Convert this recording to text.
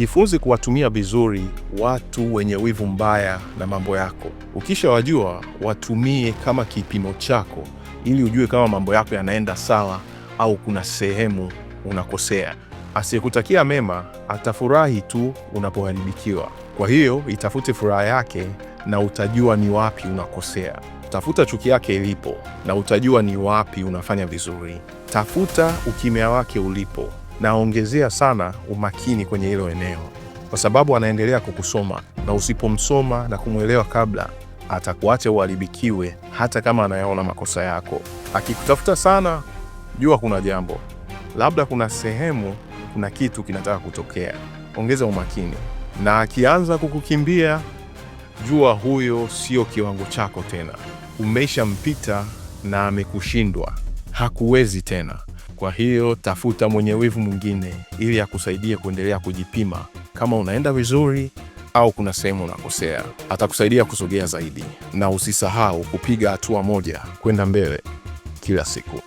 Jifunze kuwatumia vizuri watu wenye wivu mbaya na mambo yako. Ukishawajua, watumie kama kipimo chako, ili ujue kama mambo yako yanaenda sawa au kuna sehemu unakosea. Asiyekutakia mema atafurahi tu unapoharibikiwa. Kwa hiyo itafute furaha yake na utajua ni wapi unakosea. Tafuta chuki yake ilipo na utajua ni wapi unafanya vizuri. Tafuta ukimya wake ulipo naongezea sana umakini kwenye hilo eneo, kwa sababu anaendelea kukusoma, na usipomsoma na kumwelewa kabla, atakuacha uharibikiwe, hata kama anayaona makosa yako. Akikutafuta sana, jua kuna jambo, labda kuna sehemu, kuna kitu kinataka kutokea. Ongeza umakini, na akianza kukukimbia, jua huyo sio kiwango chako tena, umeshampita na amekushindwa, hakuwezi tena. Kwa hiyo tafuta mwenye wivu mwingine ili akusaidie kuendelea kujipima kama unaenda vizuri au kuna sehemu unakosea, atakusaidia kusogea zaidi. Na usisahau kupiga hatua moja kwenda mbele kila siku.